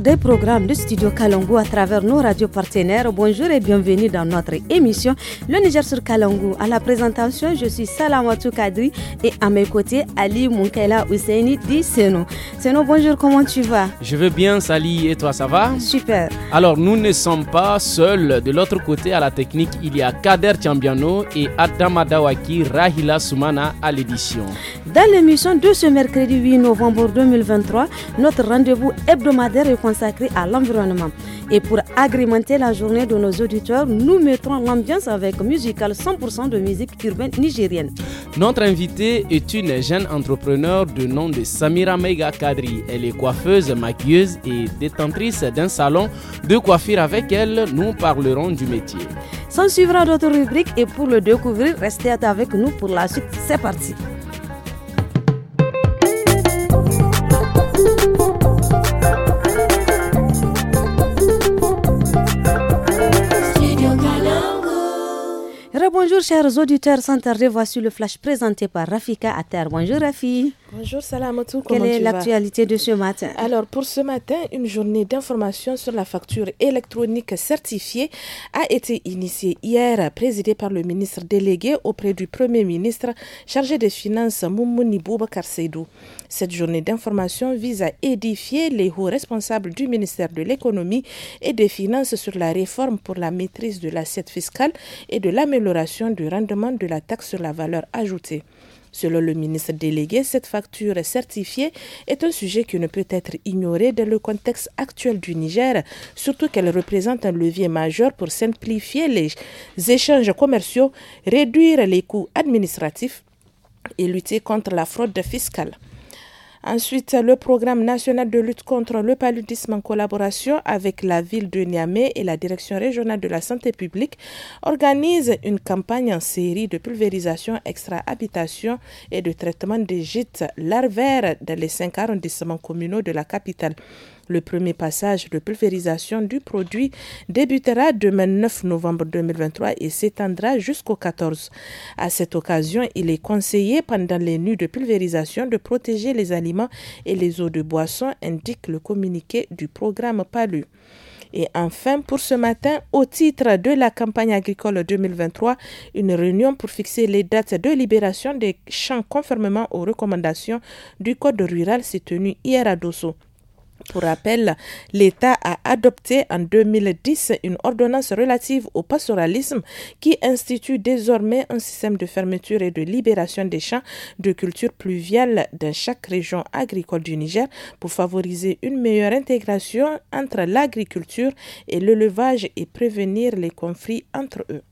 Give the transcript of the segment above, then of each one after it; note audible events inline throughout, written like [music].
des programmes de Studio Kalangu à travers nos radios partenaires, bonjour et bienvenue dans notre émission Le Niger sur Kalangu. À la présentation, je suis Salamatou Kadri et à mes côtés, Ali Munkela Ouseni dit Seno. Seno, bonjour, comment tu vas Je vais bien, Sali, et toi, ça va Super. Alors, nous ne sommes pas seuls. De l'autre côté, à la technique, il y a Kader Tiambiano et Adam Adawaki Rahila Soumana à l'édition. Dans l'émission de ce mercredi 8 novembre 2023, notre rendez-vous hebdomadaire est consacré à l'environnement. Et pour agrémenter la journée de nos auditeurs, nous mettrons l'ambiance avec musical 100% de musique urbaine nigérienne. Notre invitée est une jeune entrepreneur du nom de Samira Mega Kadri. Elle est coiffeuse, maquilleuse et détentrice d'un salon de coiffure. Avec elle, nous parlerons du métier. Sans suivra d'autres rubriques et pour le découvrir, restez avec nous pour la suite. C'est parti. Bonjour chers auditeurs sans tarder, voici le flash présenté par Rafika à Terre, Bonjour Rafi. Bonjour Salamatou, comment Quelle est l'actualité de ce matin Alors pour ce matin, une journée d'information sur la facture électronique certifiée a été initiée hier, présidée par le ministre délégué auprès du Premier ministre chargé des Finances Moumouni Boubacar Seydou. Cette journée d'information vise à édifier les hauts responsables du ministère de l'économie et des finances sur la réforme pour la maîtrise de l'assiette fiscale et de l'amélioration du rendement de la taxe sur la valeur ajoutée. Selon le ministre délégué, cette facture certifiée est un sujet qui ne peut être ignoré dans le contexte actuel du Niger, surtout qu'elle représente un levier majeur pour simplifier les échanges commerciaux, réduire les coûts administratifs et lutter contre la fraude fiscale. Ensuite, le programme national de lutte contre le paludisme en collaboration avec la ville de Niamey et la direction régionale de la santé publique organise une campagne en série de pulvérisation extra-habitation et de traitement des gîtes larvaires dans les cinq arrondissements communaux de la capitale. Le premier passage de pulvérisation du produit débutera demain 9 novembre 2023 et s'étendra jusqu'au 14. À cette occasion, il est conseillé pendant les nuits de pulvérisation de protéger les aliments et les eaux de boisson, indique le communiqué du programme PALU. Et enfin, pour ce matin, au titre de la campagne agricole 2023, une réunion pour fixer les dates de libération des champs conformément aux recommandations du Code rural s'est tenue hier à Dosso. Pour rappel, l'État a adopté en 2010 une ordonnance relative au pastoralisme qui institue désormais un système de fermeture et de libération des champs de culture pluviale dans chaque région agricole du Niger pour favoriser une meilleure intégration entre l'agriculture et l'élevage et prévenir les conflits entre eux.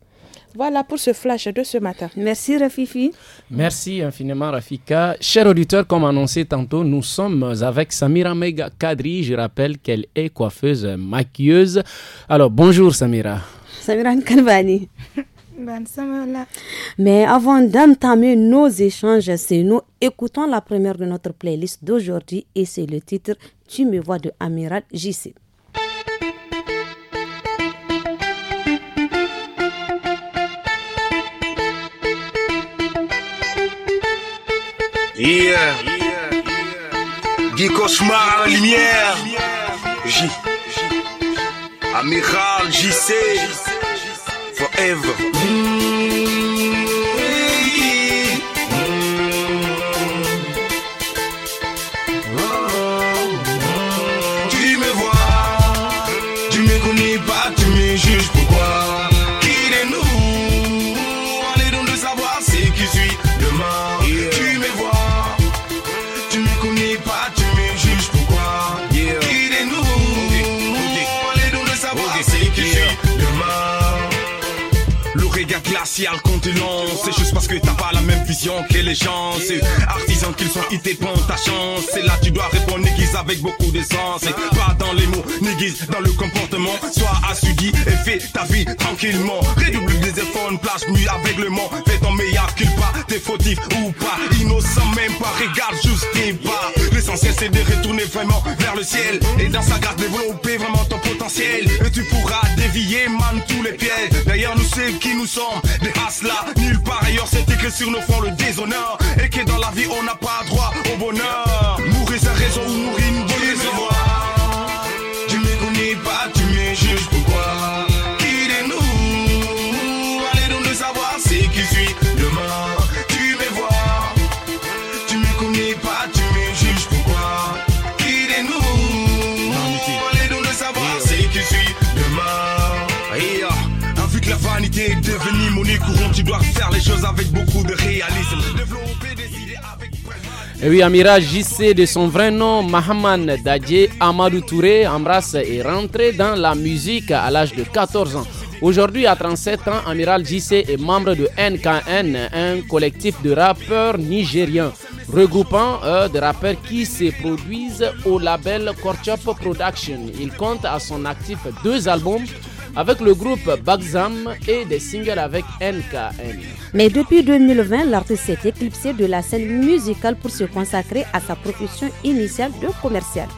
Voilà pour ce flash de ce matin. Merci Rafifi. Merci infiniment Rafika. Chers auditeurs, comme annoncé tantôt, nous sommes avec Samira Mega Kadri. Je rappelle qu'elle est coiffeuse, maquilleuse. Alors bonjour Samira. Samira Nkanvani. Mais avant d'entamer nos échanges, c'est nous écoutons la première de notre playlist d'aujourd'hui et c'est le titre Tu me vois de Amiral JC. Yeah. Guy Cauchemar à la lumière. J. Amiral JC. Forever. spécial c'est juste parce que t'as pas la même vision que les gens. C'est artisan qu'ils sont, ils dépendent ta chance. C'est là tu dois répondre néguise avec beaucoup d'essence. Et pas dans les mots, néguise dans le comportement. Sois assudi et fais ta vie tranquillement. Redouble des efforts, une place nuit avec le monde. Fais ton meilleur culpa, t'es fautif ou pas. Innocent même pas, regarde juste tes pas. L'essentiel c'est de retourner vraiment vers le ciel. Et dans sa garde, développer vraiment ton potentiel. Et tu pourras dévier, man, tous les pièges. D'ailleurs, nous c'est qui nous sommes, des haslas Nulle part ailleurs c'est écrit sur nos fronts le déshonneur Et que dans la vie on n'a pas droit au bonheur Mourir sa raison ou mourir une bonne Tu me connais pas, tu me juges pourquoi Qui de nous Allez donc le savoir c'est qui Le demain Tu me vois Tu me connais pas, tu me juges pourquoi Qui de nous Allez donc le savoir c'est qui suis L'humanité tu dois faire les choses avec beaucoup de réalisme. Et eh oui, Amiral JC de son vrai nom, Mahaman Dadje Amadou Touré, embrasse et rentré dans la musique à l'âge de 14 ans. Aujourd'hui, à 37 ans, Amiral JC est membre de NKN, un collectif de rappeurs nigériens regroupant euh, des rappeurs qui se produisent au label Korchop Production. Il compte à son actif deux albums avec le groupe Bagzam et des singles avec NKN. Mais depuis 2020, l'artiste s'est éclipsé de la scène musicale pour se consacrer à sa profession initiale de commercial.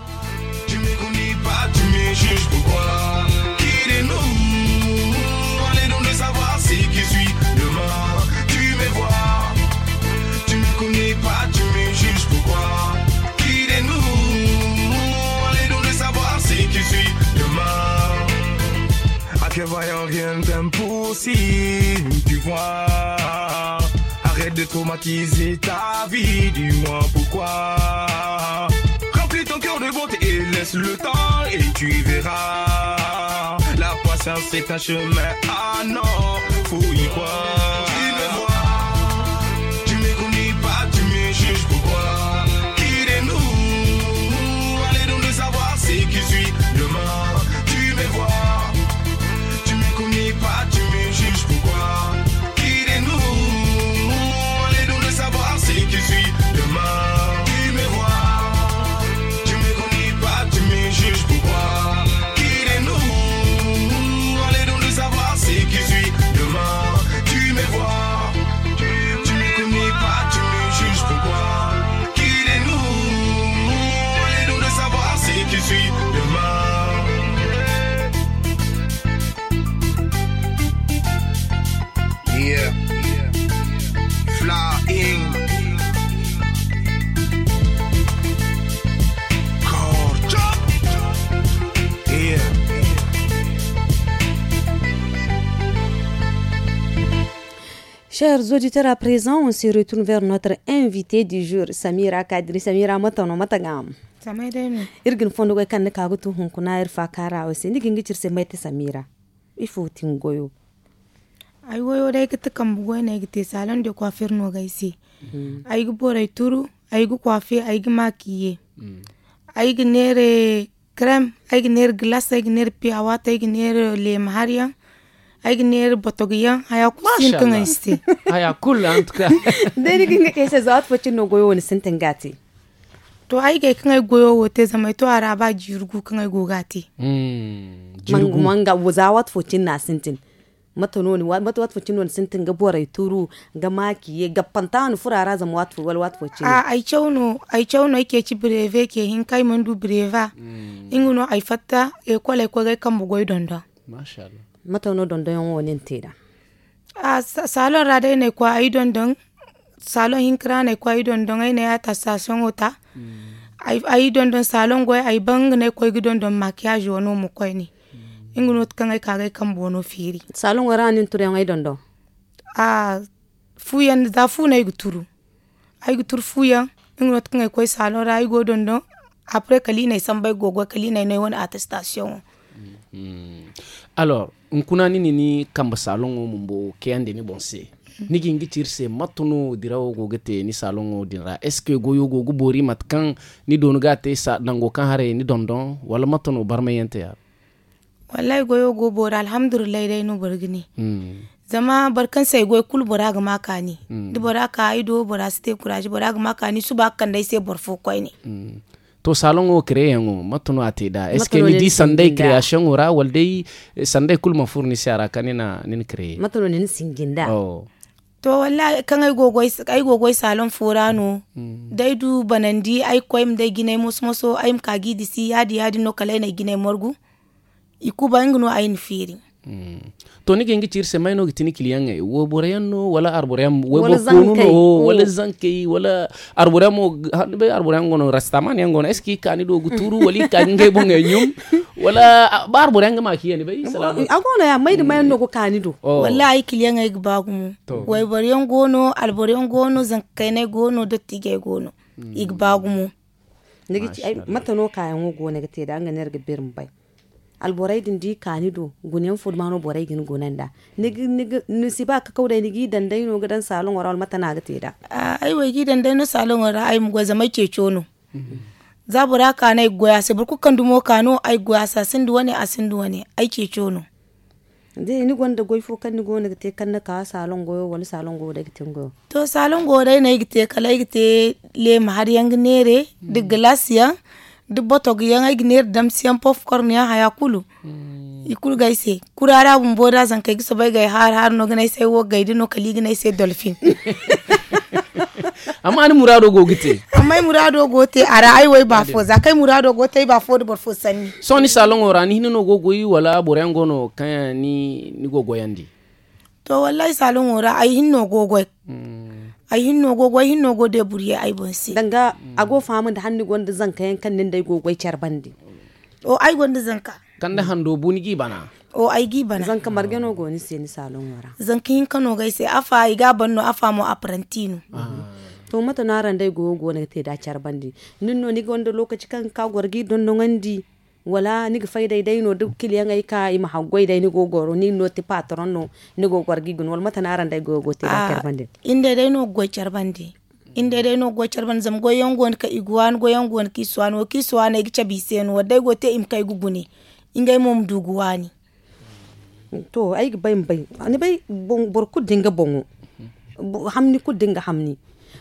Voyons rien d'impossible, tu vois. Arrête de traumatiser ta vie, dis-moi pourquoi. Remplis ton cœur de beauté et laisse le temps et tu verras. La croissance est un chemin, ah non, faut y croire. Chers auditeurs, à présent, on se retourne vers notre invité du jour, Samira Kadri. Samira, matano matagam. Irgin fondo kwe kande hunkuna irfa kara wese. Samira. Ifu tingoyo. Ay dai na salon de coiffure no turu, ay coiffe, ay gu crème, glace, piawata, ay أجنير بطاقية هياكل سنتين هيستي هياكل أنت كده ده نيجي كيسة زات goyo نقويون سنتين gati. to ai e ga kan goyo wote zama to ara ba jirgu kan go gati mm jirgu manga wazawat fotin na sintin mata noni wat fotin non sintin ga borai turu ga maki ga pantanu furara zama wat wal wat fotin a ai chauno ai chauno ke ci breve ke hin kai mandu breva mm. inguno ai fatta e kwala ko ga kan bugoy matano dondon wani teda a salon rada ne kwa ai dondon salon hinkira ne kwa ai dondon ai ne ya ta sason wata ai dondon salon yi ai bang ne koy dondon makiyaji wani mu koy ne ingino kan ai kagai kan bono firi salon wara nin turu ai dondon a fuyan da fu ne guturu ai turu fuyan ingino kan ai koy salon ra ai go dondon après kali ne san bai gogo kali ne ne wani attestation mm, mm. alors ni nini kamba salongo mumbo bo ni bonse mhm. nigi ngi cirse matunu dirawo gogete ni salongo dinra est ce que goyo gogu bori matkan ni donu te sa nango kan hare ni dondon wala matunu barmayente ya wallahi goyo go bora alhamdulillah dai no borgini mm. zama barkan sai goy kul bora ga makani mm. di bora ka ido bora ste kuraji bora ga makani su ba kan dai sai borfo koi ne mm. to salon o créer ngo matuno da est ce que ni di sandai création ora walde sandai kulma fournisseur ara kanina nin créé matuno nin singinda oh. to walla kan ai gogoi ai gogoi salon furano hmm. dai du banandi ai koim dai gine mos moso ai mka gidi si yadi yadi no kala na gine morgu ikuba ingno ai firi hmm. to ni gengi cirse mayno gitini kiliyange wo boreyanno wala arboreyan wo bokununo mm. wala zankei wala arboreyamo be arboreyan gono rastaman yan gono est ce que kani do guturu wali kani ngai bonge nyum wala ba arboreyan ma kiyani bai salama mm, agono ya mayde mm. mayno ko kani do oh. wallahi kiliyange gbagumu wai boreyan ngono arboreyan gono zankai ne gono dottige gono igbagumu nigi matano kayan wo go nigi e da an ga nerga birin bai alborai din di kanido gunen fod mano borai gin da nigi nigi nisi ba ka ni nigi dandai no gidan salon wara wal mata na gate da ai wai gi dandai no salon wara ai mu gwaza make kece za ka nai goya sai burku kan dumo kano ai goya sa sin wani a sin wani ai ke no de ni gonda goy fu kan ni gona ga te kan na ka salon goyo wani salon goyo da gitin goyo to salon goyo dai na gite kala gite le mahar yang nere de glasiya duk botog yanga gner dam siam pof kornia haya kulu hmm. ikul gai se kurara bun boda zan kai giso gay har har no ganai sai wo gai no kali dolphin amma an murado go gite murado go te ara ai wai ba fo murado go te ba fo de bor fo soni salon ora ni hino go goyi wala borengo no kan ni ni go goyandi to wallahi salon ora ay hinno go a hinno gogo hinno nogo de buriye ay bon si danga ago famu da hanni gonda zanka yankan nin dai gogo char bandi o ai gonda zanka kanda hando buni gi bana o ai gi bana zanka margeno go ni ni salon wara zanka hin no gai sai afa ai ga banno afa mo aprantino ah. to mata naran dai gogo ne te da char bandi no ni gonda lokaci kan ka gorgi don don di. wala nig fayday dayno duk kiliyan ay ka ima hawgway day nigo goro ni no ti patron no nigo gorgi gun wal mata naran day gogo inde no go ah, kerbande inde day no go kerban zam go yongon ka iguan go yongon ki swan wo ki swan ay gicha bisen wo day go te im kai inga ingay mom guani to ay bay bay ani bay borku dinga bongo hamni ku dinga hamni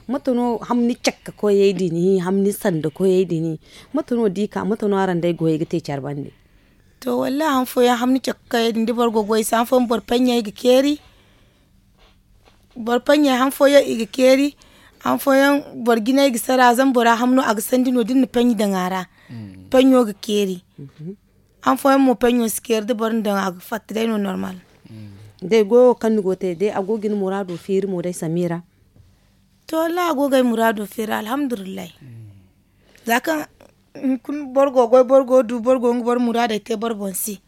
matono hamni cakka ko yey dini hamni sande ko yey dini matono dika matono aran dai goye gite charbande to wallahi han fo ya hamni cakka yey dindi borgo goy san fo bor panya igi keri bor panya han fo ya igi keri han fo ya bor igi sara zan hamno ag sandino din panyi da ngara mm. panyo keri mhm. mo panyo de bor ndan ag no normal mm. de go kan te agogin murado firi mo to Allah gogai muradu fera alhamdulillah zaka kun borgo goy borgo du borgo ngi bor murado te borbon si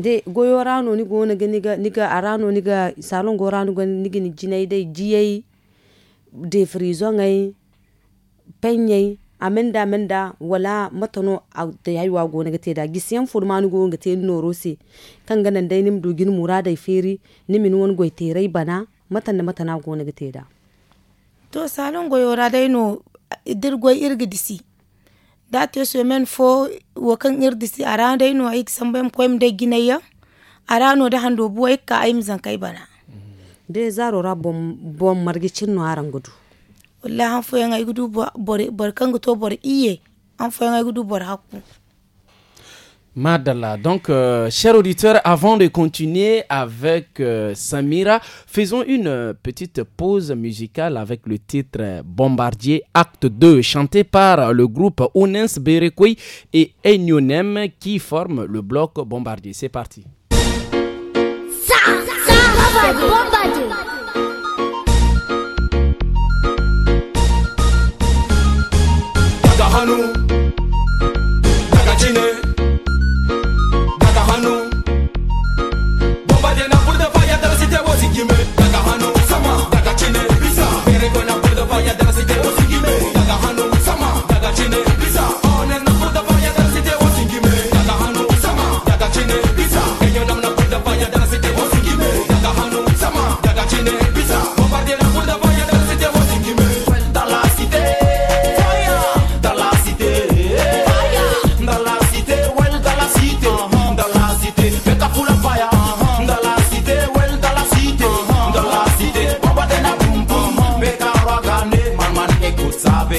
de goyo rano ni gona ga niga niga arano niga salon go rano ga niga ni jinai dai jiyai de frizo ngai penyai amenda amenda wala matano a da yayuwa gona ga da gisiyan furmanu go ga te noro se kan ganan dai nim dogin murada feri nimin won goy rai bana matan da matana gona ga da to salon goyora daino dirgoy irgidisi date semaine fo wakan irdisi ara daino ay sambem koyim de ginaya ara no da hando buwa ka ay mizan bana de zaro ra bom margi no han fo gudu bor bor to bor iye an fo Madala. Donc, cher euh, chers auditeurs, avant de continuer avec euh, Samira, faisons une euh, petite pause musicale avec le titre Bombardier Acte 2, chanté par le groupe Onens Berekui et Enyonem qui forment le bloc Bombardier. C'est parti.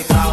power.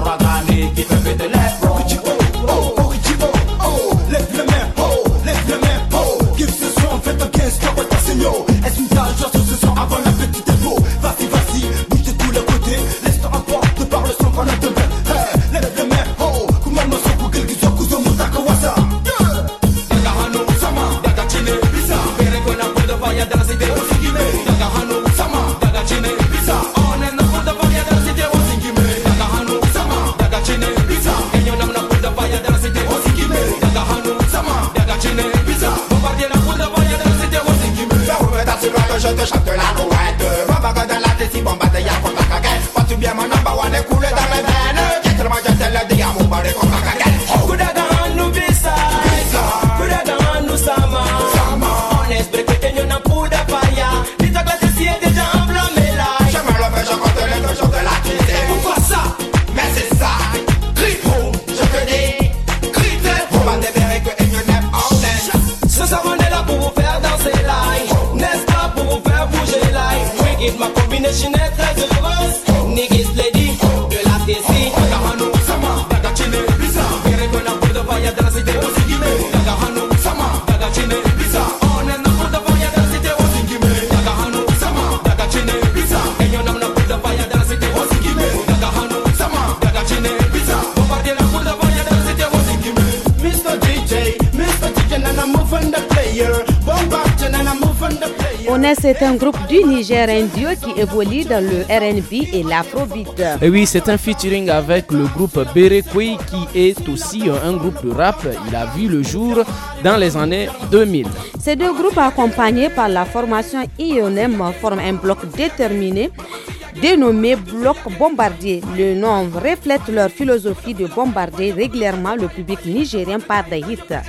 du Niger, un qui évolue dans le R'n'B et l'afrobeat. Et oui, c'est un featuring avec le groupe Berekwe qui est aussi un groupe de rap. Il a vu le jour dans les années 2000. Ces deux groupes accompagnés par la formation IONM forment un bloc déterminé dénommé Bloc Bombardier. Le nom reflète leur philosophie de bombarder régulièrement le public nigérien par des hits.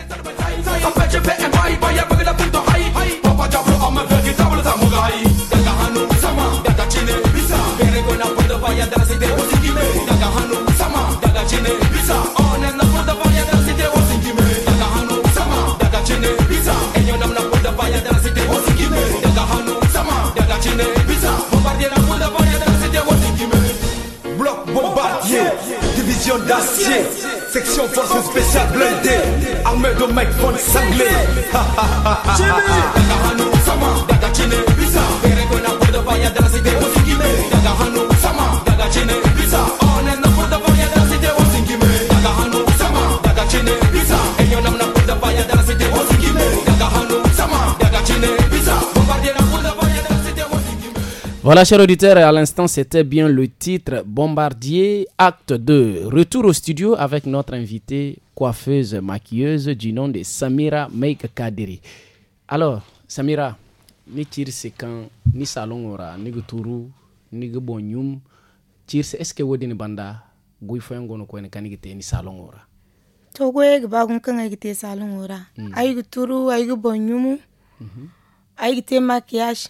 Section force spéciale blindée Armée de microphones sanglés Dagahano sama daga chine bisa Bere kona kwedo paya dala sige Osigime Dagahano sama daga chine Voilà, chers auditeurs, à l'instant, c'était bien le titre Bombardier, acte 2. Retour au studio avec notre invitée coiffeuse, maquilleuse du nom de Samira Make Kadiri. Alors, Samira, ni tir c'est quand ni salon aura, ni guturu, ni gbonyum, tir c'est est-ce que vous avez banda, gui foyango no le ni salon aura. Togo e gbagun kan salon aura. Hmm. Ay guturu, ay gbonyumu, mhm. ay gite maquillage.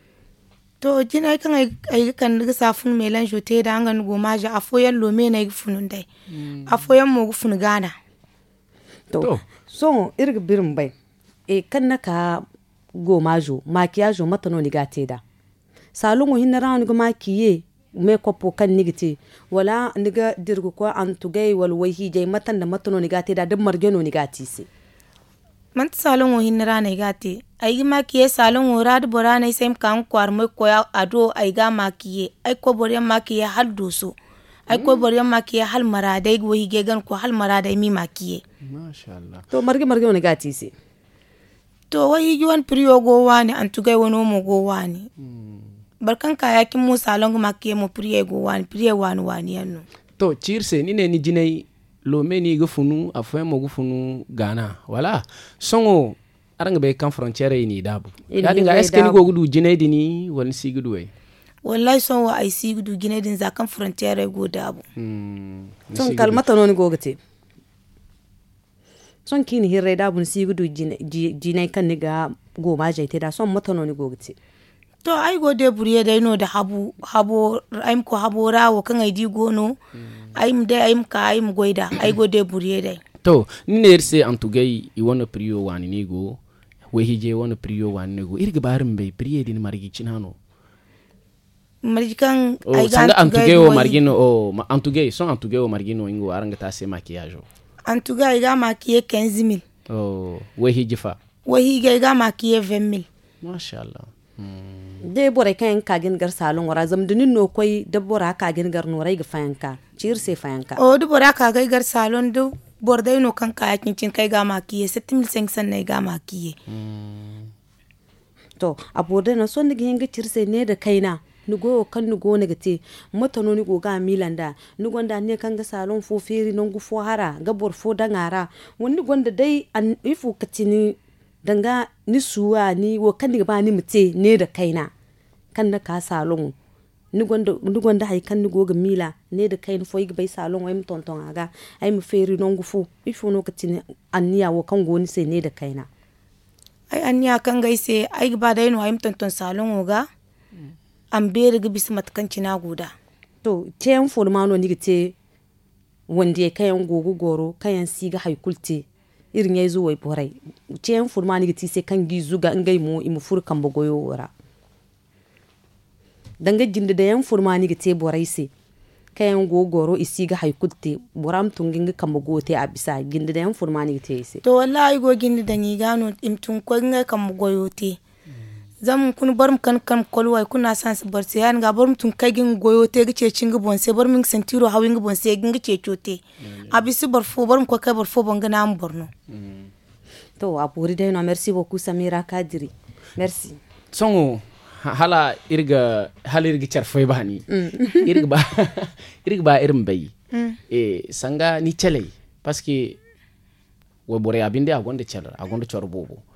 to jina kan ayi kan ga safun melange te da ngan goma maja afoyan lome na funun dai afoyan mo fun gana to so irga birin bai e kan naka go jo makiyajo no ni te da salungu hinna rawni go makiye me kopo kan nigiti wala niga dirgo ko an tugay wal wayhi jay matan da matano ni gate da dum margeno ni gati se manta salon wo hinra na igate aigi makiye salon wo rad bora na sem kan kwar mo koya ado aiga makiye ai ko bore makiye hal doso ai ko bore makiye hal maradai go hige gan ko hal maradai mi makiye masha Allah to marge marge woni gati se to wa higi wan priyo go wani an tugai wono mo go wani hmm. barkan kaya kin mu salon makiye mo priye go wani priye wani wani yanno to cirse ni ne ni jinai lomeni ga funu afuwa mo ga funu gana wala songo aranga be kan frontiere ni dabu yadi ga eske ni go gudu jinaidi ni wani si gudu wai wallahi son wa ai si gudu ginaidin za kan frontiere go dabu hmm, son kalmata non go gate son kini hirre dabu si gudu jinai kan ni ga go ma jaite da son mata non go gate to ai gode buriye dayno da habo habo aym ko habo rawo kan ai di gono aym de aym ka aym goida ai gode buriye dai. to nner er se antugay i wono priyo wani ni go we hije wono priyo wani ni go irga barin mbe priye din margi cinano margi kan oh, ay ga antugay o margino o oh, antugay son antugay o margino ingo aranga ta se maquillage antugay ay ga maquiller 15000 oh we hije fa we hije ga maquiller 20000 masha Allah de bore ka kagin gar salon wara zam dunin no koi da bora kagin gar norai ga fayanka cir sai fayanka o da ka kagai gar salon da bor dai no kan kaya cincin kai ga makiye 7500 ne ga makiye to abode na son ga hinga cir sai ne da kaina go kan go ne te mata no go ga milanda ni gonda ne kan ga salon fo feri non fo hara ga bor fo dangara wani gonda dai an ifu katini danga ni suwa ni wo kan ba ni mute ne da kaina kan na ka salon ni gonda ni gonda hay kan ni goga mila ne da kaina fo bai salon wai mtonton aga ai mu feri non gufu ifu no katin anniya wo kan goni sai ne da kaina ai anniya kan sai ai ba dai no ai mtonton salon oga an beri ga bisu matkanci na guda to te ma no ni te wanda kayan gogo goro kayan siga haikulte irin yi zuwa borai ce yin furma ni ti se kan gizu ga ngai mu imu fur kan bogoyo wora danga jinde da yan furma ni te borai se kayan gogoro isi ga haikutte buram tungin ga kan gote a bisa gindi da yan furma ni te se to wallahi go ginda da ni gano imtun ko ga kamba goyote zamu kun bar kan kan kolwai kuna san su bar sai ga bar mutun kai gin goyo te gice cin gibon sai bar min sentiro hawin gibon sai gin gice cote mm. abi su bar fo bar mu kai bar fo bon gana am borno mm. to a puri dai na merci beaucoup samira kadiri merci songo hala irga hala irga charfai bani mm. [laughs] irga ba [laughs] irga ba irin bai eh sanga ni chalei parce que wo bore abinde agonde chalar agonde chorbobo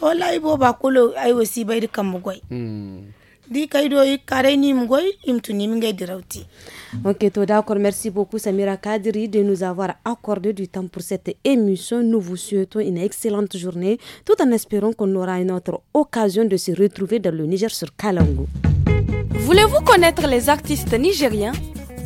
Hmm. OK to d'accord merci beaucoup Samira Kadri de nous avoir accordé du temps pour cette émission nous vous souhaitons une excellente journée tout en espérant qu'on aura une autre occasion de se retrouver dans le Niger sur Kalango Voulez-vous connaître les artistes nigériens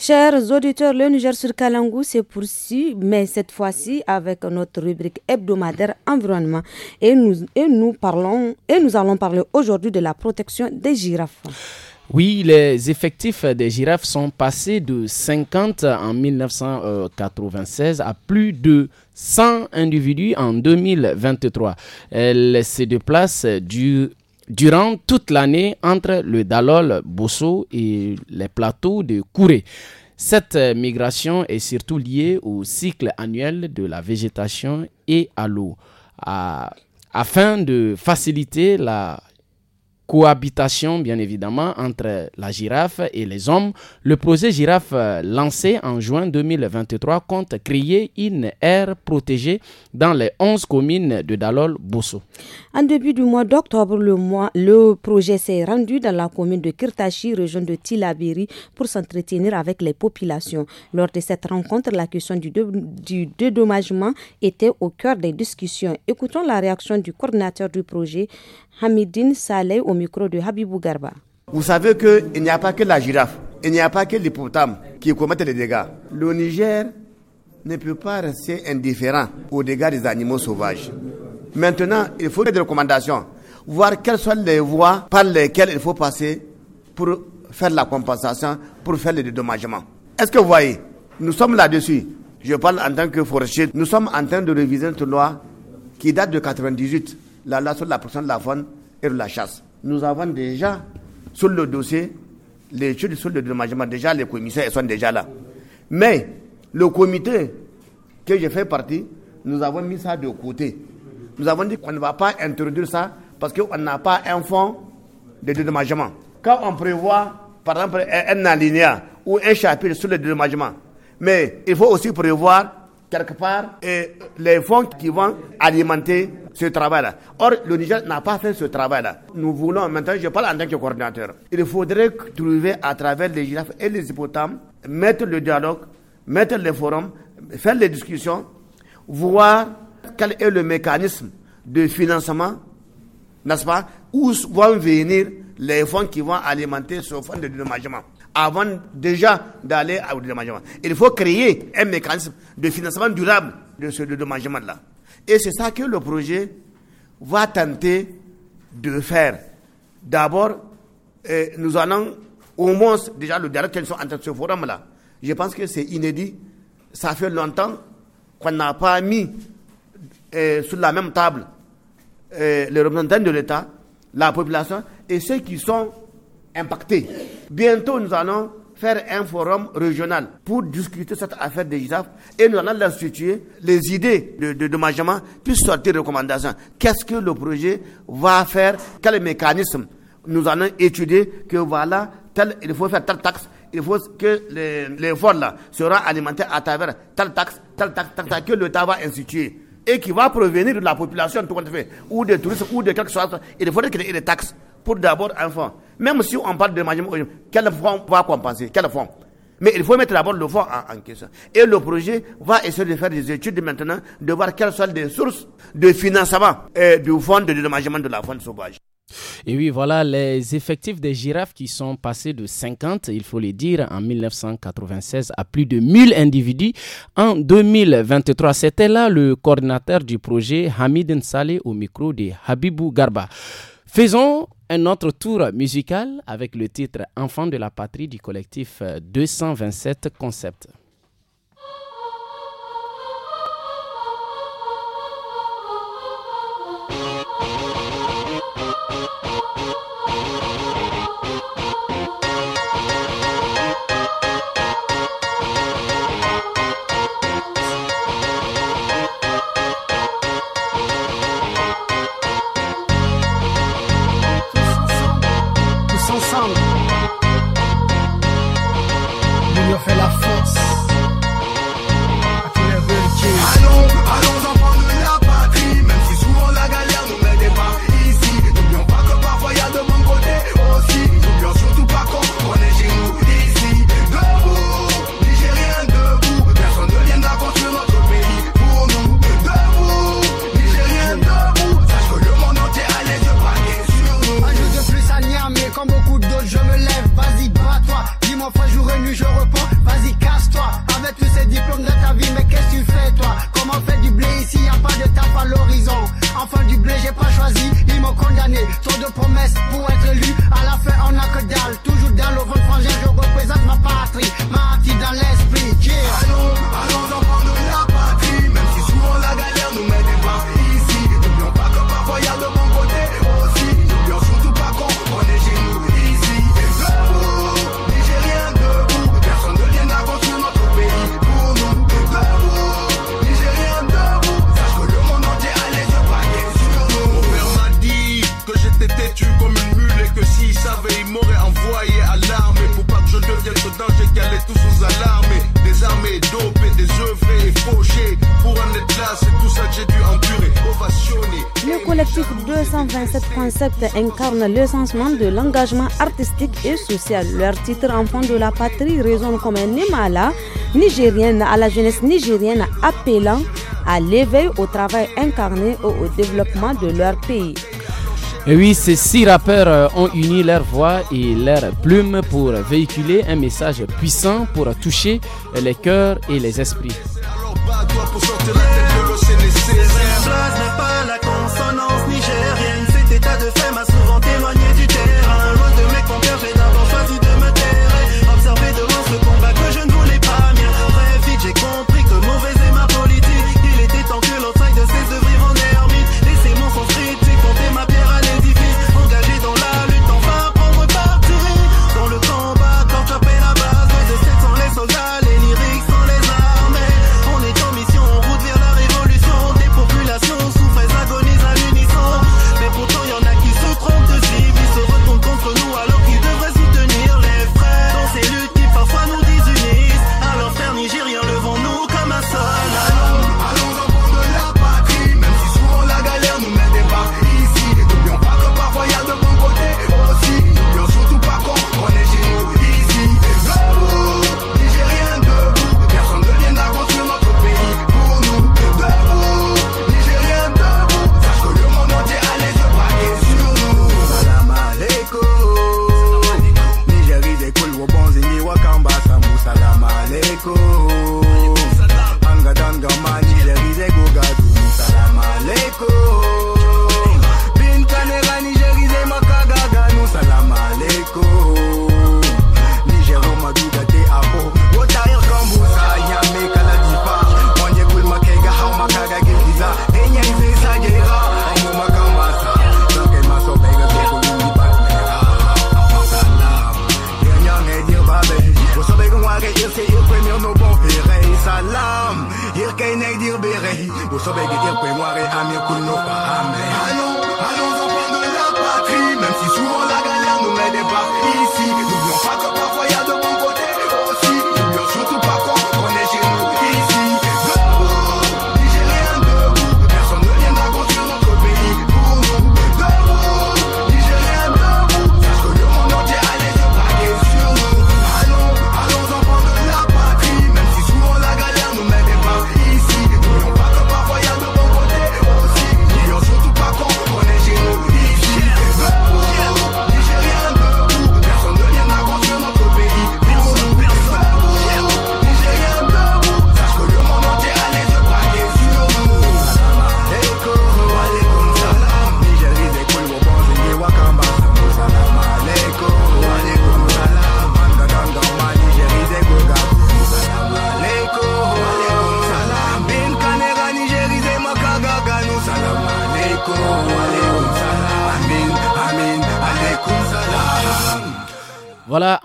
Chers auditeurs, le Niger sur Kalangou s'est poursuivi, mais cette fois-ci avec notre rubrique hebdomadaire environnement. Et nous, nous, parlons, et nous allons parler aujourd'hui de la protection des girafes. Oui, les effectifs des girafes sont passés de 50 en 1996 à plus de 100 individus en 2023. Elles se déplacent du durant toute l'année entre le Dalol, Bosso et les plateaux de Kouré. Cette euh, migration est surtout liée au cycle annuel de la végétation et à l'eau. Afin de faciliter la cohabitation, bien évidemment, entre la girafe et les hommes, le projet girafe euh, lancé en juin 2023 compte créer une aire protégée dans les 11 communes de Dalol-Bosso. En début du mois d'octobre, le, projet s'est rendu dans la commune de Kirtachi, région de Tilabiri, pour s'entretenir avec les populations. Lors de cette rencontre, la question du, du dédommagement était au cœur des discussions. Écoutons la réaction du coordinateur du projet, Hamidine Saleh, au micro de Habibou Garba. Vous savez qu'il n'y a pas que la girafe, il n'y a pas que l'hippopotame qui commettent des dégâts. Le Niger ne peut pas rester indifférent aux dégâts des animaux sauvages. Maintenant, il faut des recommandations, voir quelles sont les voies par lesquelles il faut passer pour faire la compensation, pour faire le dédommagement. Est-ce que vous voyez Nous sommes là-dessus. Je parle en tant que forestier. Nous sommes en train de réviser une loi qui date de 98, la loi sur la protection de la faune et de la chasse nous avons déjà sur le dossier, l'étude sur le dédommagement, déjà les commissaires sont déjà là. Mais le comité que j'ai fait partie, nous avons mis ça de côté. Nous avons dit qu'on ne va pas introduire ça parce qu'on n'a pas un fonds de dédommagement. Quand on prévoit, par exemple, un alinéa ou un chapitre sur le dédommagement, mais il faut aussi prévoir quelque part et les fonds qui vont alimenter ce travail-là. Or, le Niger n'a pas fait ce travail-là. Nous voulons, maintenant, je parle en tant que coordinateur, il faudrait trouver à travers les girafes et les hippopotames, mettre le dialogue, mettre les forums, faire les discussions, voir quel est le mécanisme de financement, n'est-ce pas, où vont venir les fonds qui vont alimenter ce fonds de dédommagement avant déjà d'aller au dédommagement. Il faut créer un mécanisme de financement durable de ce dédommagement-là. Et c'est ça que le projet va tenter de faire. D'abord, euh, nous allons au moins, déjà le dialogue qu'ils sont en train de ce forum-là, je pense que c'est inédit. Ça fait longtemps qu'on n'a pas mis euh, sur la même table euh, les représentants de l'État, la population et ceux qui sont impacté. Bientôt, nous allons faire un forum régional pour discuter cette affaire des GISAF et nous allons l'instituer. Les idées de, dommagement puis sortir de recommandations. Qu'est-ce que le projet va faire Quel mécanisme Nous allons étudier que voilà, tel, il faut faire telle taxe, il faut que l'effort les là sera alimenté à travers telle taxe, telle taxe, telle taxe que l'État va instituer et qui va provenir de la population tout fait, ou des touristes, ou de quelque chose. Il faudrait créer des taxes pour d'abord fonds. Même si on parle de management quel fonds va compenser Quel forme mais il faut mettre d'abord le fonds en, question. Et le projet va essayer de faire des études maintenant, de voir quelles sont les sources de financement et du fonds de dédommagement de la faune sauvage. Et oui, voilà les effectifs des girafes qui sont passés de 50, il faut le dire, en 1996 à plus de 1000 individus en 2023. C'était là le coordinateur du projet Hamid Nsaleh au micro de Habibou Garba. Faisons un autre tour musical avec le titre Enfant de la patrie du collectif 227 euh, Concept. le sensement de l'engagement artistique et social. Leur titre Enfant de la patrie résonne comme un émala nigérienne à la jeunesse nigérienne appelant à l'éveil au travail incarné et au développement de leur pays. oui, ces six rappeurs euh, ont uni leur voix et leurs plumes pour véhiculer un message puissant pour toucher les cœurs et les esprits.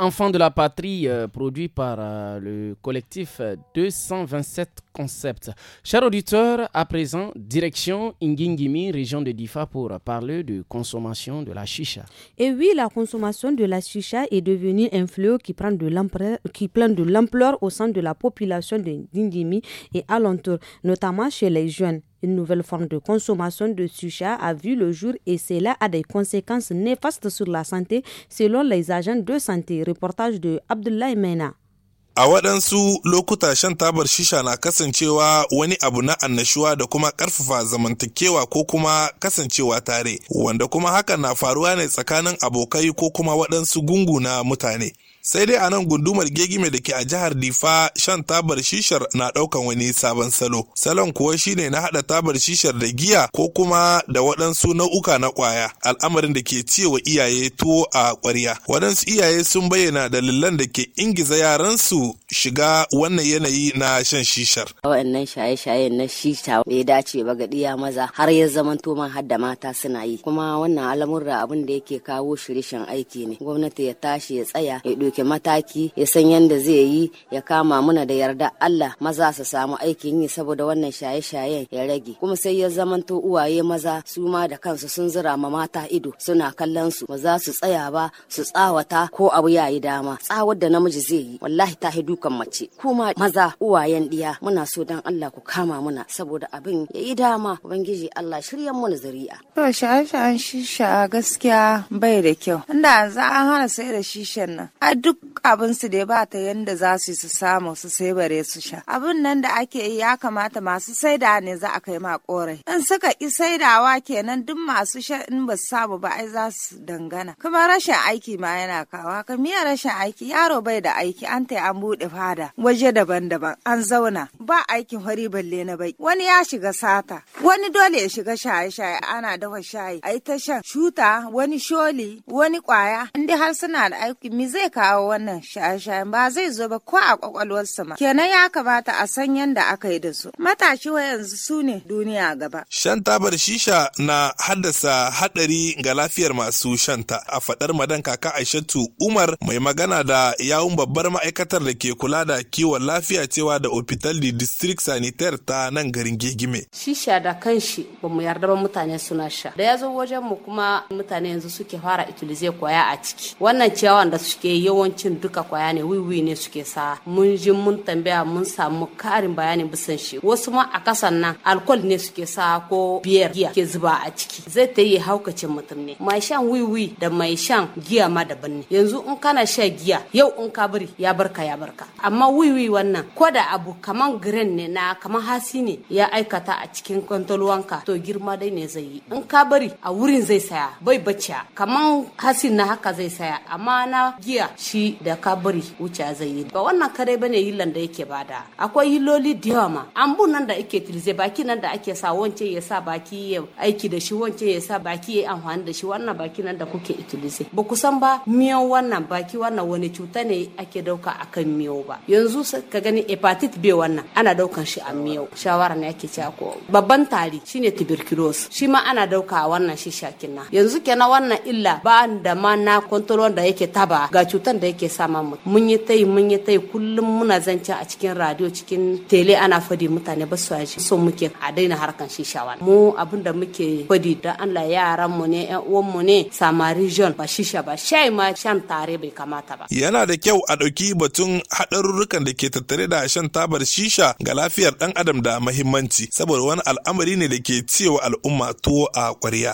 Enfants de la patrie, euh, produit par euh, le collectif 227 euh, concept. Chers auditeurs, à présent, direction Ngingimi, région de Difa, pour parler de consommation de la chicha. Et oui, la consommation de la chicha est devenue un fléau qui prend de l'ampleur au sein de la population de Ngingimi et alentour, notamment chez les jeunes. Une nouvelle forme de consommation de chicha a vu le jour et cela a des conséquences néfastes sur la santé, selon les agents de santé. Reportage de Abdullah Mena. A waɗansu lokuta shan tabar shisha na kasancewa wani abu na annashuwa da kuma ƙarfafa zamantakewa ko kuma kasancewa tare, wanda kuma hakan na faruwa ne tsakanin abokai ko kuma waɗansu gungu na mutane. sai dai a nan gundumar gegime da ke a jihar difa shan tabar shishar na daukan wani sabon salo salon kuwa shine na hada tabar shishar da giya ko kuma da waɗansu nau'uka na kwaya al'amarin da ke cewa iyaye tuwo a kwarya waɗansu iyaye sun bayyana dalilan da ke ingiza yaransu shiga wannan yanayi na shan shishar wa'annan shaye-shaye na shisha bai dace ba ga ɗiya maza har ya zamanto toman har da mata suna yi kuma wannan al'amurra abin da yake kawo shirishin aiki ne gwamnati ya tashi ya tsaya ya ɗauki mataki ya san yadda zai yi ya kama muna da yarda Allah maza su samu aikin yi saboda wannan shaye-shayen ya rage kuma sai ya zamanto uwaye maza su ma da kansu sun zira ma mata ido suna kallon su ba za su tsaya ba su tsawata ko abu ya yi dama tsawar da namiji zai yi wallahi ta dukan mace kuma maza uwayen diya muna so dan Allah ku kama muna saboda abin ya yi dama ubangiji Allah shiryan mu zuri'a to shaye-shayen shisha gaskiya bai da kyau inda za an hana sai da shishan nan duk abin su da ba ta yanda za su su samu su sai bare su sha abin nan da ake yi ya kamata masu saida ne za a kai ma korai in suka ki saidawa kenan duk masu sha in ba su samu ba ai za su dangana kuma rashin aiki ma yana kawa ka miya rashin aiki yaro bai da aiki an ta an buɗe fada waje daban-daban an zauna ba aikin hari balle na bai wani ya shiga sata wani dole ya shiga shaye-shaye ana dafa shayi ai ta shan shuta wani sholi wani kwaya in har suna da aiki mi zai kawo kawo wannan shaye ba zai zo ba ko a kwakwalwarsa ma kenan ya kamata a san yadda aka yi da su matashi wa yanzu su ne duniya gaba shan tabar shisha na haddasa hadari ga lafiyar masu shanta a fadar madan kaka aishatu umar mai magana da yawun babbar ma'aikatar da ke kula da kiwon lafiya cewa da hospital di district sanitaire ta nan garin gegime shisha da kanshi ba mu yarda ba mutane suna sha da ya zo wajen mu kuma mutane yanzu suke fara itilize kwaya a ciki wannan ciyawan da suke yawan yawancin duka kwaya ne wiwi ne suke sa mun ji mun tambaya mun samu karin bayani bisan shi wasu ma a kasan nan alkol ne suke sa ko biyar giya ke zuba a ciki zai ta yi haukacin mutum ne mai shan wiwi da mai shan giya ma daban ne yanzu in kana sha giya yau in ka bari ya barka ya barka amma wiwi wannan ko da abu kaman green ne na kaman hasi ne ya aikata a cikin kwantolwanka to girma dai ne zai yi in ka bari a wurin zai saya bai bacciya kaman hasin na haka zai saya amma na giya shi shi da kaburi wuce zai yi ba wannan kare bane yillan da yake bada akwai hiloli da yawa ma bu nan da ake tilze baki nan da ake sa wance ya sa baki ya aiki da shi wance ya sa baki ya amfani da shi wannan baki nan da kuke itilize ba ku san ba miyo wannan baki wannan wani cuta ne ake dauka akan miyo ba yanzu ka gani hepatitis B wannan ana daukan shi a miyo shawara ne ake cewa ko babban tari shine tuberculosis shi ma ana dauka a wannan shi shakin yanzu kenan wannan illa ba da ma na kontrol da yake taba ga cutar kukan da yake sama mu mun yi tai mun yi tai kullum muna zance a cikin radio cikin tele ana fadi mutane ba su yaji so muke a daina harkan shi mu abin da muke fadi da Allah yaran mu ne yan uwan mu ne samari jon ba shisha ba shai ma shan tare bai kamata ba yana da kyau a ɗauki batun haɗarurrukan da ke tattare da shan tabar shisha ga lafiyar dan adam da mahimmanci saboda wani al'amari ne da ke cewa al'umma tuwo a ƙwarya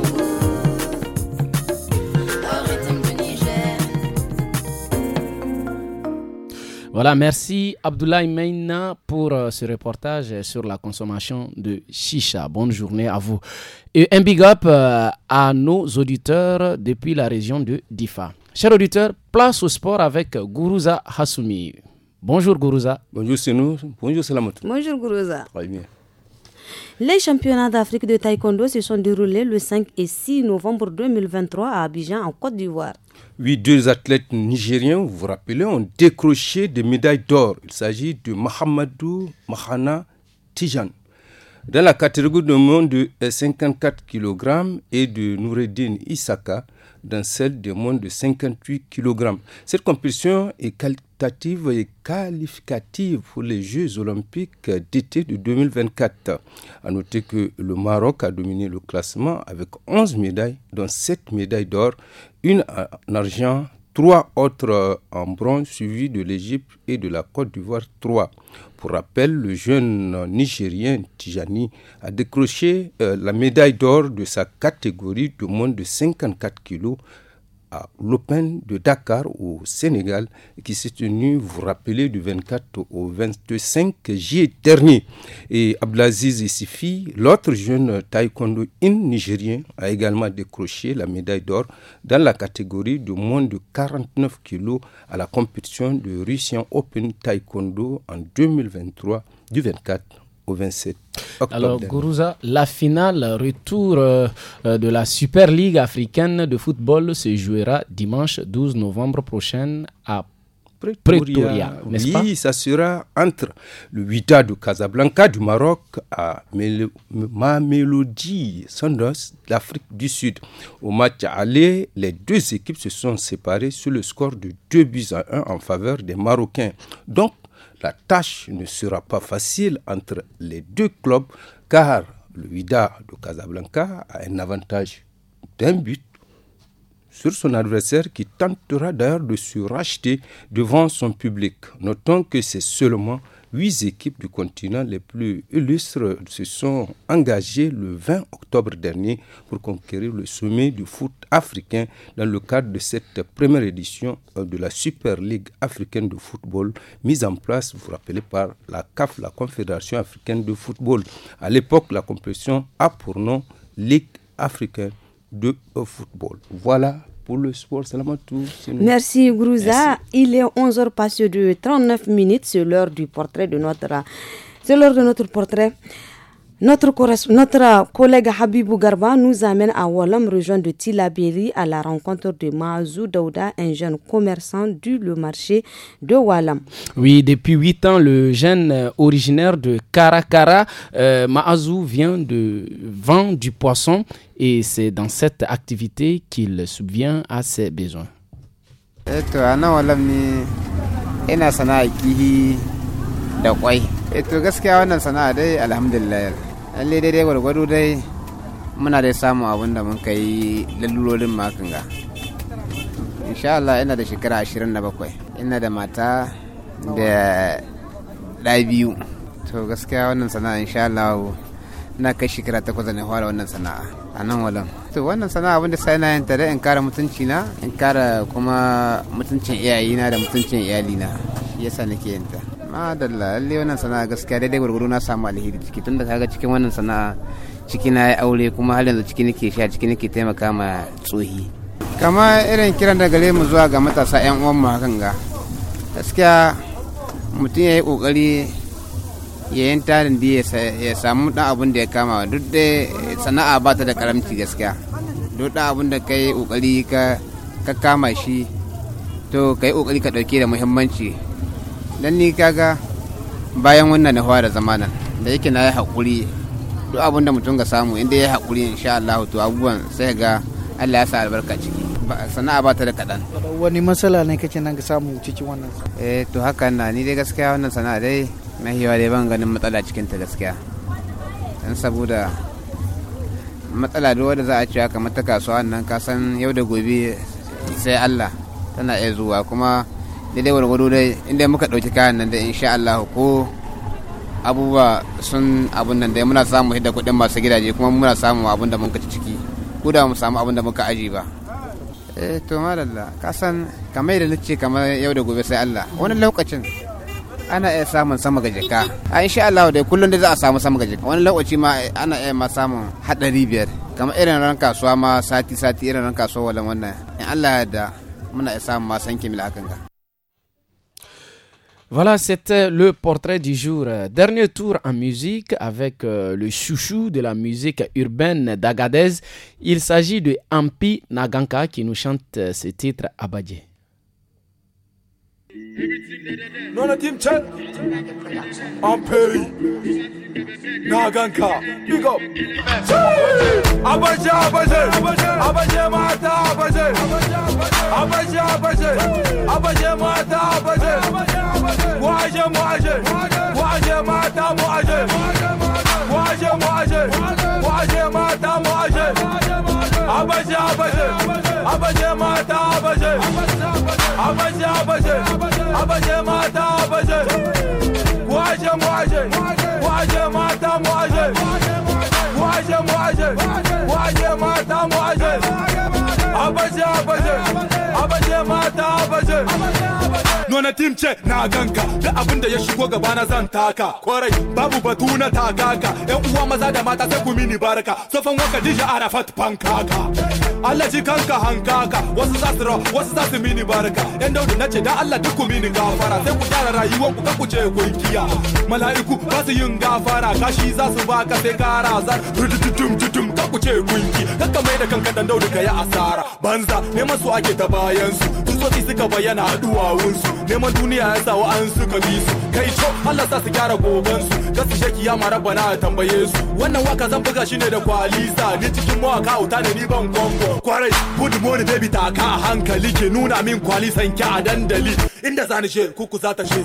Voilà, merci Abdoulaye Meina pour euh, ce reportage sur la consommation de chicha. Bonne journée à vous. Et un big up euh, à nos auditeurs depuis la région de Difa. Chers auditeurs, place au sport avec Gourouza Hassoumi. Bonjour Gourouza. Bonjour Sinou. Bonjour Salamatou. Bonjour Gourouza. Très bien. Les championnats d'Afrique de taekwondo se sont déroulés le 5 et 6 novembre 2023 à Abidjan, en Côte d'Ivoire. Oui, deux athlètes nigériens, vous vous rappelez, ont décroché des médailles d'or. Il s'agit de Mahamadou Mahana Tijan dans la catégorie de monde de 54 kg et de Noureddin Isaka dans celle des moins de 58 kg. Cette compétition est qualitative et qualificative pour les Jeux olympiques d'été de 2024. A noter que le Maroc a dominé le classement avec 11 médailles, dont 7 médailles d'or, une en argent, trois autres en bronze, suivies de l'Égypte et de la Côte d'Ivoire 3. Pour rappel, le jeune Nigérien Tijani a décroché euh, la médaille d'or de sa catégorie de moins de 54 kg à l'Open de Dakar au Sénégal qui s'est tenu, vous vous rappelez, du 24 au 25 juillet dernier. Et Ablaziz Issifi, l'autre jeune taekwondo-in nigérien, a également décroché la médaille d'or dans la catégorie de moins de 49 kg à la compétition de Russian Open Taekwondo en 2023 du 24 au 27 octobre. Alors, Gourouza, la finale retour euh, euh, de la Super Ligue africaine de football se jouera dimanche 12 novembre prochain à Pretoria, n'est-ce oui, ça sera entre le 8 de Casablanca du Maroc à Mamelodi Sundowns l'Afrique du Sud. Au match aller, les deux équipes se sont séparées sur le score de 2 buts à 1 en faveur des Marocains. Donc, la tâche ne sera pas facile entre les deux clubs car le vida de Casablanca a un avantage d'un but sur son adversaire qui tentera d'ailleurs de se racheter devant son public. Notons que c'est seulement Huit équipes du continent les plus illustres se sont engagées le 20 octobre dernier pour conquérir le sommet du foot africain dans le cadre de cette première édition euh, de la Super League africaine de football mise en place, vous vous rappelez, par la CAF, la Confédération africaine de football. À l'époque, la compétition a pour nom Ligue africaine de euh, football. Voilà le sport. Salam Merci Grouza. Il est 11h passé de 39 minutes. C'est l'heure du portrait de notre, c'est l'heure de notre portrait. Notre, notre, collègue Habibou Garba nous amène à Wallam, région de Tilaberi, à la rencontre de Maazou Daouda, un jeune commerçant du marché de Walam. Oui, depuis 8 ans, le jeune euh, originaire de Karakara, euh, Maazou vient de vendre du poisson et c'est dans cette activité qu'il subvient à ses besoins. gaskiya lalle daidai gwargwado dai muna dai samun abin da mun kai lalurorin makin ga insha Allah ina da shekara 27 ina da mata da ɗa biyu to gaskiya wannan sana'a insha Allah na kai shekara takwas da na fara wannan sana'a a nan walan to wannan sana'a da sai na yin tare in kara mutunci na in kara kuma mutuncin iyayena da mutuncin iyalina yasa nake yin ta madalla lalle wannan sana'a gaskiya daidai gwargwado na samu alheri ciki tunda kaga cikin wannan sana'a ciki na ya aure kuma har yanzu ciki nake sha ciki nake taimaka ma tsohi kama irin kiran da gare mu zuwa ga matasa yan uwan mu hakan ga gaskiya mutum ya yi kokari ya yin tarin da ya samu dan abun da ya kama duk da sana'a ba ta da karamci gaskiya duk da abun da ka yi kokari ka kama shi to ka kokari ka dauke da muhimmanci dan ni kaga bayan wannan na fara zamanan da yake na yi haƙuri duk abin da mutum ga samu inda ya yi haƙuri insha Allah to abubuwan sai ga Allah ya sa albarka ciki sana'a ba ta da kaɗan. wani matsala ne kake nan ga samu cikin wannan eh to haka na ni dai gaskiya wannan sana'a dai mahiwa dai ban ganin matsala cikin ta gaskiya dan saboda matsala duk wanda za a cewa kamar ta kasuwa nan ka san yau da gobe sai Allah tana iya zuwa kuma daidai gwargwado dai inda muka ɗauki kayan nan da insha Allah ko abubuwa sun abun nan da muna samu hidda kuɗin masu gidaje kuma muna samu abun da muka ci ciki ko da mu samu abun da muka aji ba eh to madalla ka san kamar da nace kamar yau da gobe sai Allah wani lokacin ana iya samun sama ga jaka a insha Allah dai kullum dai za a samu sama ga jaka wani lokaci ma ana iya ma samun hadari biyar kamar irin ran kasuwa ma sati sati irin ran kasuwa wannan in Allah ya yarda muna iya samun ma sanki mil hakan ga Voilà, c'était le portrait du jour. Dernier tour en musique avec euh, le chouchou de la musique urbaine d'Agadez. Il s'agit de Ampi Naganka qui nous chante euh, ce titre abadie. Nona Team Chat, I'm Perry, Naganka, big up. Abaje, abaje, abaje mata, abaje, abaje, abaje, abaje mata, abaje, waje, waje, waje mata, waje, waje, waje, waje mata, waje. Abaje, abaje, abaje mata abaje, abaje, abaje, abaje mata abaje. Mwaje, mwaje, mwaje mata mwaje, mwaje, mwaje, mwaje mata mwaje. abaje abaje abaje mata abaje ce na ganka da abin da ya shigo gaba na zan taka kwarai babu batu na takaka yan uwa maza da mata sai ku mini barka sofan waka dija arafat pankaka Allah ji kanka hankaka wasu za su wasu za su mini barka yan daudu nace da Allah duk ku mini gafara sai ku gyara rayuwar ku ku ce ku mala'iku ba su yin gafara kashi za su baka sai kara zar tutum tutum ka ku ce kakka mai da kanka dan daudu ka yi asara banza neman su ake ta bayan su tutsotsi suka bayyana a duwawunsu neman duniya ya sa an suka bi su kai to Allah sa su gyara goban su su shaki ya mara bana a tambaye su wannan waka zan buga shi ne da kwalisa ni cikin mawaka auta ne ni ban kongo kwarai good morning baby taka a hankali ke nuna min kwalisan ki a dandali inda zanishe kuku za ta she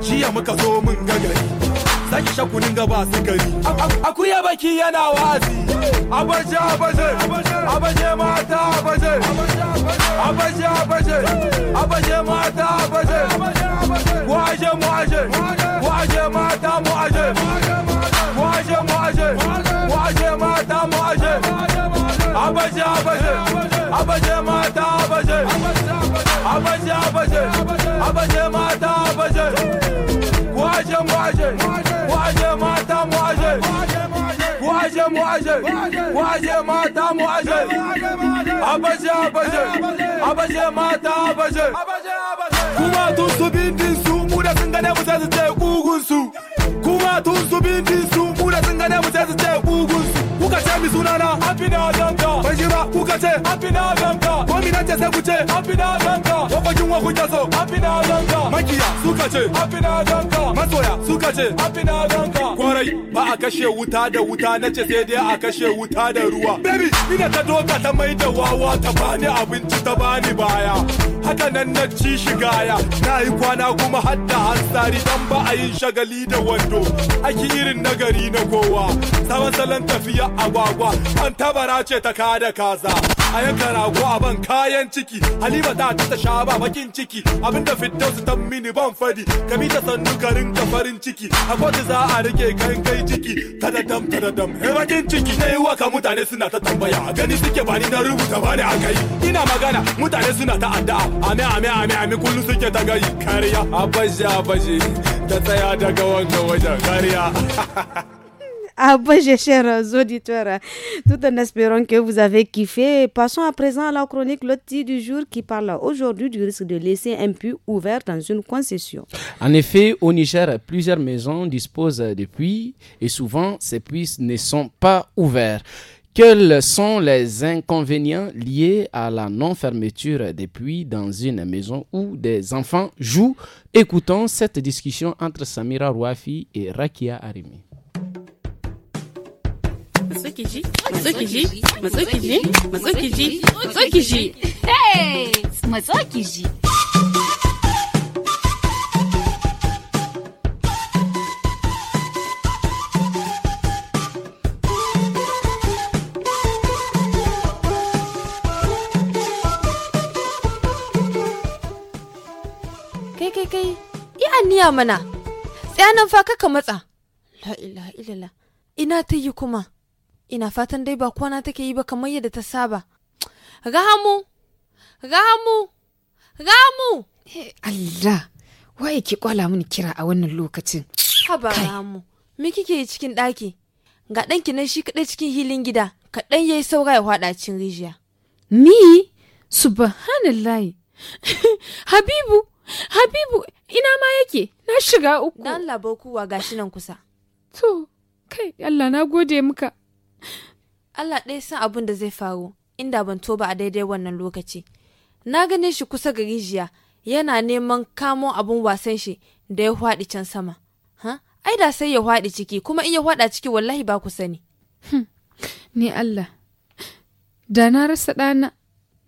jiya muka zo mun gagari sake sha kunin baki yana wazi abaje abaje abaje mata abaje abaje abaje abaje mata abaje waje muaje waje mata muaje waje muaje waje mata muaje abaje abaje abaje mata abaje abaje abaje abaje mata abaje Mwaje, mwaje, mwaje mata mwaje, mwaje mwaje, mwaje mata mwaje, abaje abaje, abaje mata abaje. Kuma tun su bindin su, mu da sun gane mu sai su ce kugun su kuma tun su bintin su mu da sun gane mu sai su ce bugun su kuka ce happy na danta ban happy na danta ko mi happy na danta lokacin wa happy na danta makiya suka ce happy na danta masoya suka ce happy na danta kwarai ba a kashe wuta da wuta nace sai ruwa baby ina ta doka ta mai da wawa ta bani abinci ta bani baya haka na ci shigaya na yi kwana kuma hadda hasari dan ba a yin shagali da wando aiki irin nagari na kowa sabon salon tafiya agwagwa an tabara ce ta kada kaza a yanka rago a ban kayan ciki halima ta ta sha ba bakin ciki abinda fitar su ta mini ban fadi kami ta sannu garin ka farin ciki a kotu za a rike kayan kai ciki da dam he bakin ciki ne yi ka mutane suna ta tambaya gani suke bani na rubuta bani a kai ina magana mutane suna ta addu'a ame ame ame ame kullum suke ta gayi kariya abaje abaje [laughs] Ah bon, chers euh, auditeurs, tout en espérant que vous avez kiffé. Passons à présent à la chronique Lotti du jour qui parle aujourd'hui du risque de laisser un puits ouvert dans une concession. En effet, au Niger, plusieurs maisons disposent de puits et souvent ces puits ne sont pas ouverts. Quels sont les inconvénients liés à la non-fermeture des puits dans une maison où des enfants jouent Écoutons cette discussion entre Samira Rouafi et Rakia Arimi. Hey kai kai yi aniya mana tsayanan fa kaka matsa la'ila ina ta yi kuma ina fatan dai ba kwana take yi ba kamar yadda ta saba ramu ramu ramu eh, Allah waye ki kwala mini kira a wannan lokacin haba ramu me kike yi cikin ɗaki ga ɗanki nan shi kaɗai cikin hilin gida kaɗan yayi saura ya hwaɗa cin rijiya ni subhanallahi [laughs] habibu Habibu, ina ma yake, na shiga uku. Dan kuwa ga shi nan kusa. To, kai, Allah na gode muka. Allah ɗaya san abin da zai faru, inda ban toba a daidai wannan lokaci. Na gane shi kusa ga rijiya, yana neman kamo abin wasan shi da ya hwaɗi can sama. Ha? Ai da sai ya hwaɗi ciki, kuma iya ya ciki wallahi ba ku sani. Hmm. Ni Allah, da na rasa ɗana,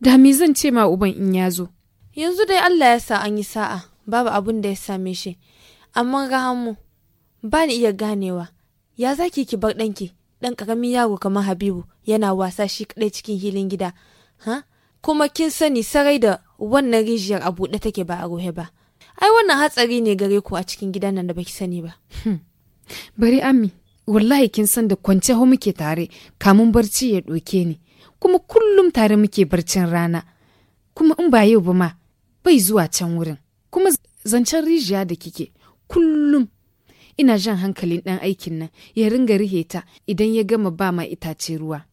da me zan ce ma uban in ya zo. yanzu dai Allah ya sa an yi sa'a babu abin da ya same shi amma ga hannu ba ni iya ganewa ya zaki ki bar ɗanki ɗan ƙaramin yaro kamar habibu yana wasa shi kaɗai cikin hilin gida ha kuma kin sani sarai da wannan rijiyar a buɗe take ba a rohe ba ai wannan hatsari ne gare ku a cikin gidan nan da baki sani ba hmm. bari ami wallahi kin san da kwance ho muke tare kamun barci ya ɗoke ni kuma kullum tare muke barcin rana kuma in ba yau ba ma bai zuwa can wurin kuma zancen rijiya da kike kullum ina jan hankalin ɗan aikin nan ya ringa riheta idan ya gama ba ma itace ruwa.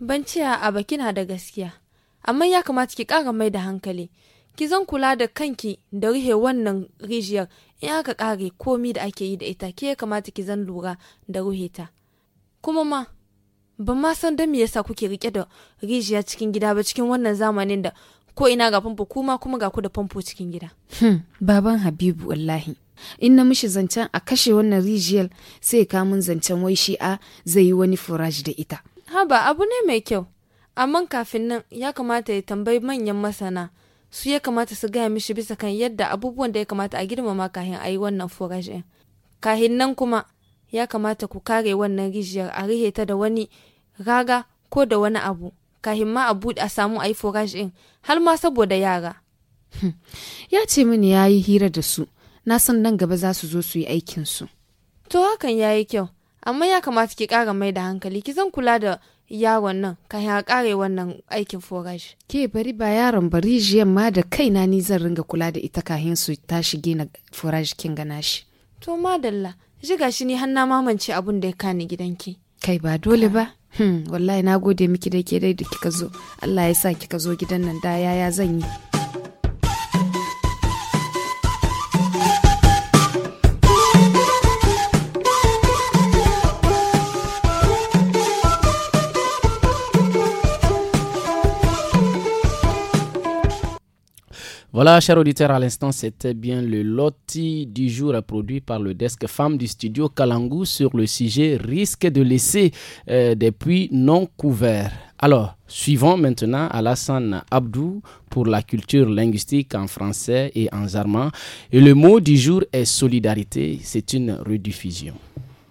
Ban ce a kina da gaskiya, amma ya kamata ki ƙara mai da hankali. Ki zan kula da kanki da rihe wannan rijiyar in aka ƙare komi da ake yi da ita ke ya kamata ki zan lura da ruheta Kuma ma, ban ma san don me yasa kuke rike da rijiya cikin gida ba cikin wannan zamanin da ko ina ga famfo kuma kuma ga ku da famfo cikin gida. Hmm, baban Habibu wallahi. In na mishi zancen a kashe wannan rijiyar sai ya kamun zancen wai shi a zai yi wani furaji da ita. Haba abu ne mai kyau, amma kafin nan ya kamata ya tambayi manyan masana su ya kamata su gaya mishi bisa kan yadda abubuwan da ya kamata a girmama kahin a yi wannan furaji Kahin nan kuma ya kamata ku kare wannan rijiyar a rihe ta da wani raga ko da wani abu kahin ma a buɗe a samu a yi forage ɗin har ma saboda yara. Hmm. ya ce mini ya yi hira da su na san nan gaba za su zo su yi aikinsu. to hakan ya yi kyau amma ya kamata ki kara mai da hankali ki zan kula da yaron nan kayan a ƙare wannan aikin forage. ke bari ba yaron bari jiyan ma da kaina ni zan ringa kula da ita kahin su tashi gina forage kin gana shi. to madalla jiga shi ni har na mamance abun da ya kani gidanki. kai ba dole ba. Hmm, wallahi na gode miki da ke dai da kika zo. Allah ya sa kika zo gidan nan da yaya zan yi. Voilà, chers auditeurs, à l'instant, c'était bien le loti du jour produit par le desk femme du studio Kalangu sur le sujet risque de laisser euh, des puits non couverts. Alors, suivons maintenant Alassane Abdou pour la culture linguistique en français et en zarma. Et le mot du jour est solidarité, c'est une rediffusion.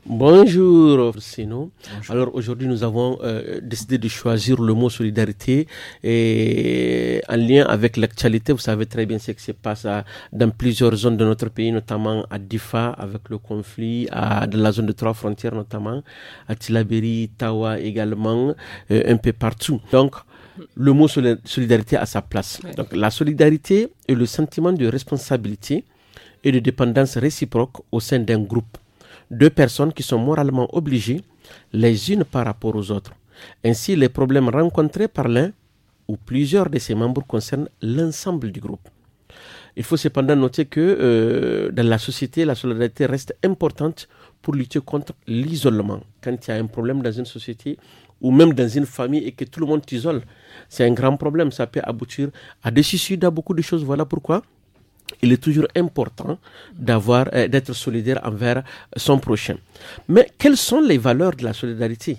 Bonjour Sinon. Alors aujourd'hui nous avons euh, décidé de choisir le mot solidarité et en lien avec l'actualité, vous savez très bien ce qui se passe dans plusieurs zones de notre pays, notamment à Difa avec le conflit, à, dans la zone de trois frontières notamment, à Tilaberi, Tawa également, euh, un peu partout. Donc le mot solidarité a sa place. Donc la solidarité est le sentiment de responsabilité et de dépendance réciproque au sein d'un groupe deux personnes qui sont moralement obligées les unes par rapport aux autres. Ainsi, les problèmes rencontrés par l'un ou plusieurs de ses membres concernent l'ensemble du groupe. Il faut cependant noter que euh, dans la société, la solidarité reste importante pour lutter contre l'isolement. Quand il y a un problème dans une société ou même dans une famille et que tout le monde t'isole, c'est un grand problème. Ça peut aboutir à des suicides, à beaucoup de choses. Voilà pourquoi il est toujours important d'avoir, euh, d'être solidaire envers son prochain. Mais quelles sont les valeurs de la solidarité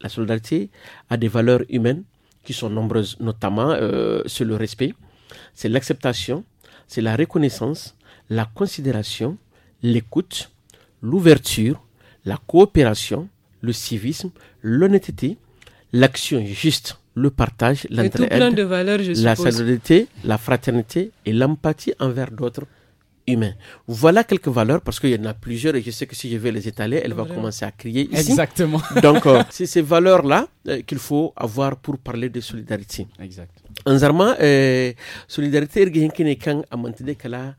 La solidarité a des valeurs humaines qui sont nombreuses, notamment euh, sur le respect, c'est l'acceptation, c'est la reconnaissance, la considération, l'écoute, l'ouverture, la coopération, le civisme, l'honnêteté, l'action juste le partage, l'entraide, la solidarité, la fraternité et l'empathie envers d'autres humains. Voilà quelques valeurs parce qu'il y en a plusieurs et je sais que si je vais les étaler, elle va commencer à crier ici. Exactement. [laughs] Donc, euh, c'est ces valeurs-là euh, qu'il faut avoir pour parler de solidarité. Exact. En Zarma, euh, solidarité, il y a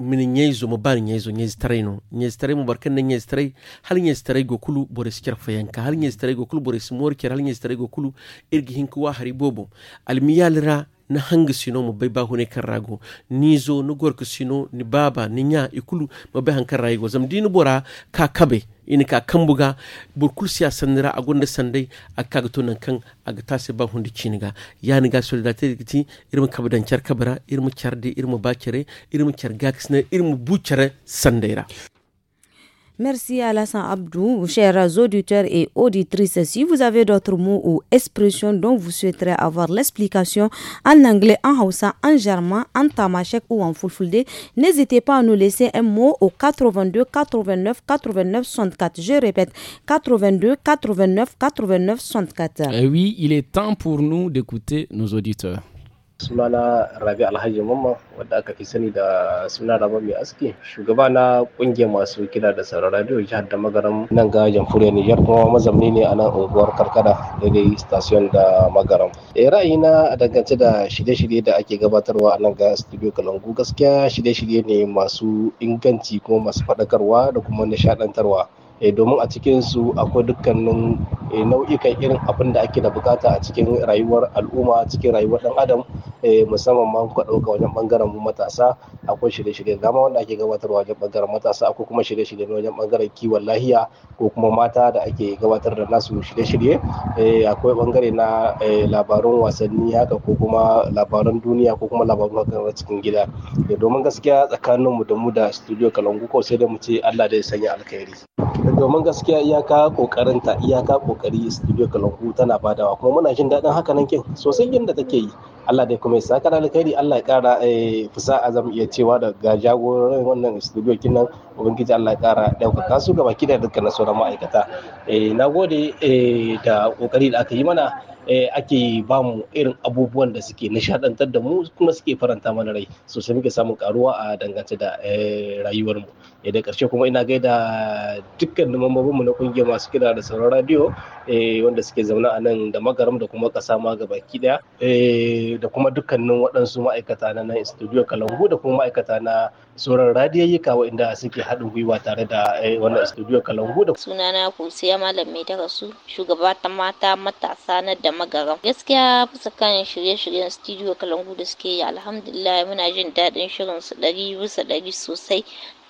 min ñeyzo mo bani ñeyzo ñeyzi taray no ñeyzi taray mo barkan na ñeyzi taray hal ñeyzi taray go kulu boris ker fayanka hal ñeyzi taray go kulu boris moor ker hal ñeyzi taray go kulu irgi hinka wa hari bobo alimiyalira. na hangi sino mo bai bahu ne kan rago ni zo ni gorki sino ni baba ni nya ikulu mo bai hankan rago zam dinu bora ka kabe ini ka kan buga burkul siya sanira a gonda sandai a kaga nan kan a ga tasi ba hundi ciniga ya ni ga solidarity kiti irma kabdan kyar kabara irma kyarde irma bakire irma kyar gakisna irma bucare sandaira Merci Alassane Abdou, chers auditeurs et auditrices. Si vous avez d'autres mots ou expressions dont vous souhaiterez avoir l'explication en anglais, en haussa en germain, en tamashek ou en fulfulde, n'hésitez pas à nous laisser un mot au 82 89 89 64. Je répète, 82 89 89 64. oui, il est temps pour nous d'écouter nos auditeurs. sunana rabi alhaji mamman wadda aka fi sani da suna rabi mai aski shugaba na kungiyar masu kira da sauran radio jihar da magaram nan ga jamhuriyar nijar kuma mazamni ne a nan unguwar karkara daidai station da magaram eh ra'ayina dangance da shirye-shirye da ake gabatarwa a nan ga studio kalangu gaskiya shirye-shirye ne masu inganci kuma masu faɗakarwa da kuma nishaɗantarwa Eh, domin a cikin su akwai dukkanin eh, nau'ikan irin abin da ake da bukata a cikin rayuwar al'umma cikin rayuwar ɗan adam eh, musamman ma kuka ɗauka wajen ɓangaren matasa akwai shirye-shirye dama wanda ake gabatarwa wajen ɓangaren matasa akwai kuma shirye-shirye wajen ɓangaren kiwon lahiya ko kuma mata da ake gabatar da nasu shirye-shirye akwai ɓangare na labarun wasanni haka ko kuma labaran duniya ko kuma labarun haka cikin gida domin gaskiya tsakanin tsakaninmu da mu da studio kalangu ko sai da mu ce allah da ya sanya alkhairi domin gaskiya iyaka kokarinta iyaka kokari studio kalangu tana badawa kuma muna jin daɗin haka nan kin sosai yadda take yi Allah dai kuma ya saka da alkhairi Allah ya kara eh, fisa a zamu iya cewa da daga jagoran wannan studio kin nan ubangiji Allah ya kara ɗaukaka su gaba kida da na sauran ma'aikata eh, na gode eh, da kokari da aka yi mana ake ba mu irin abubuwan da suke nishadantar da mu kuma suke faranta mana rai sosai muke samun karuwa a dangance da rayuwarmu. e da ƙarshe kuma ina gaida dukkanin mambobinmu na kungiyar masu kira da sauran radio eh, wanda suke zaune a nan da magaram da kuma ƙasa ma gaba daya eh, da kuma dukkanin waɗansu ma'aikata na nan studio kalangu da kuma ma'aikata na sauran radiyayyuka inda suke haɗin gwiwa tare da wannan studio kalangu da sunana kusiya malam mai daga su shugaba ta mata matasa na da magaram gaskiya bisa kan shirye-shiryen studio kalangu da suke yi alhamdulillah muna jin daɗin shirin su ɗari bisa ɗari sosai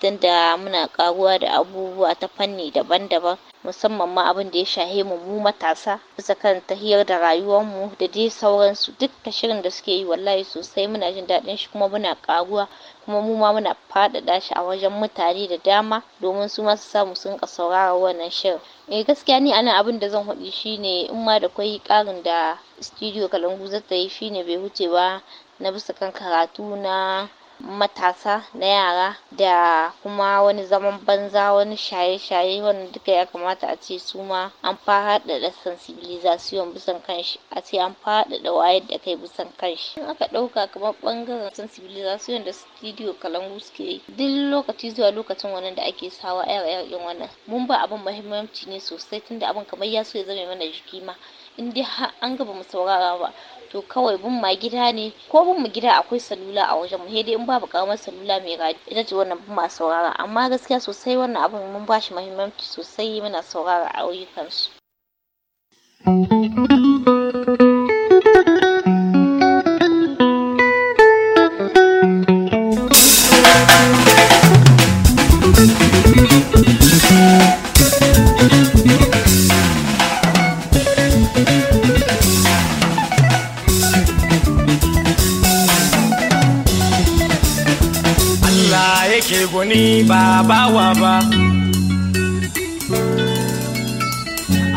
tunda muna karuwa da abubuwa ta fanni daban-daban musamman ma abin da ya shahe mu mu matasa bisa kan ta hiyar da rayuwar mu da dai sauransu dukkan shirin da suke yi wallahi sosai muna jin daɗin shi kuma muna karuwa kuma mu ma muna faɗaɗa shi a wajen mutane da dama domin su ma su samu sun saurara wannan shirin eh gaskiya ni anan abin da zan faɗi shine in ma da kwai ƙarin da studio kalangu za ta yi shine bai huce ba na bisa kan karatu na matasa na yara da kuma wani zaman banza wani shaye-shaye wanda duka ya kamata a ce su ma an faɗaɗa sensibilization bisan kanshi a ce an faɗaɗa wayar da kai bisan kanshi in aka ɗauka kamar ɓangaren sensibilization da studio kalangu suke yi duk lokaci zuwa lokacin wannan da ake sawa yar ɗin wannan mun ba abin muhimmanci ne sosai tunda abin kamar ya so ya zame mana jiki ma in dai har an gaba mu saurara ba to kawai bin ma gida ne ko bin mu gida akwai salula a wajen mu dai in babu karamar salula mai radio ita ce wannan bin ma saurara amma gaskiya sosai wannan abin mun bashi muhimmanci sosai muna saurara a ayyukan su. ni ba wa ba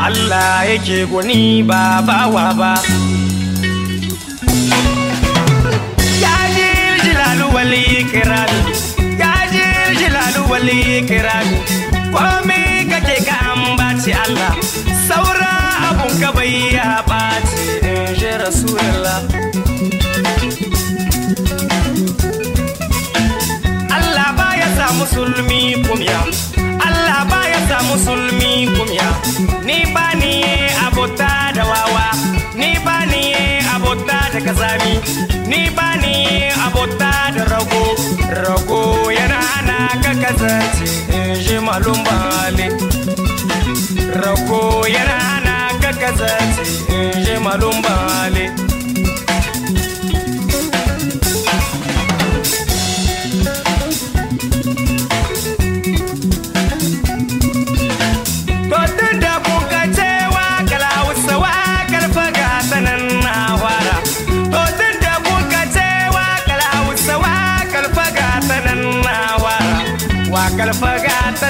Allah yake guni ba wa ba ya ji jilalu wali kirani ya jilalu wali kirani kome kake ka ambaci Allah saura abun ka bai ya ɓaci in ji rasulallah kumya Allah ba ya sa musulmi kumya ni ba ni abota da wawa ni ba ni abota da kazami ni ba ni abota da rago rago yana ana ka kazance in ji malum bale rago ana ka in ji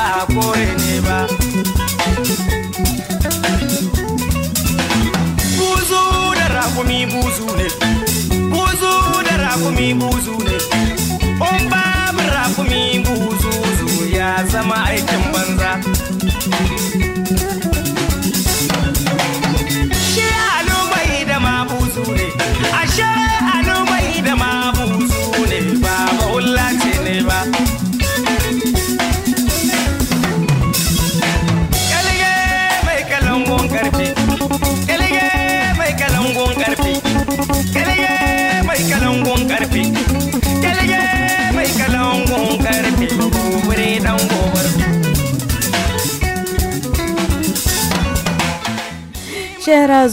ba kore buzune, ba buzu buzune, rakumi buzu ne ya zama aikin ba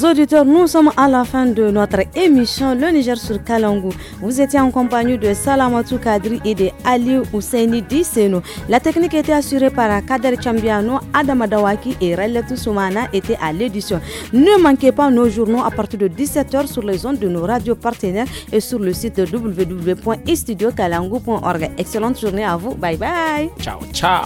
auditeurs, nous sommes à la fin de notre émission Le Niger sur Kalangu. Vous étiez en compagnie de Salamatou Kadri et de Ali Ousseini Disseno. La technique était assurée par Kader Chambiano, Adama Dawaki et Reletou Soumana étaient à l'édition. Ne manquez pas nos journaux à partir de 17h sur les ondes de nos radios partenaires et sur le site www.istudiokalangu.org. Excellente journée à vous. Bye bye. Ciao, ciao.